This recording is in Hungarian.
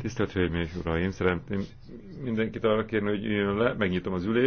Tisztelt Hölgyeim és Uraim, szeretném mindenkit arra kérni, hogy üljön le, megnyitom az ülést.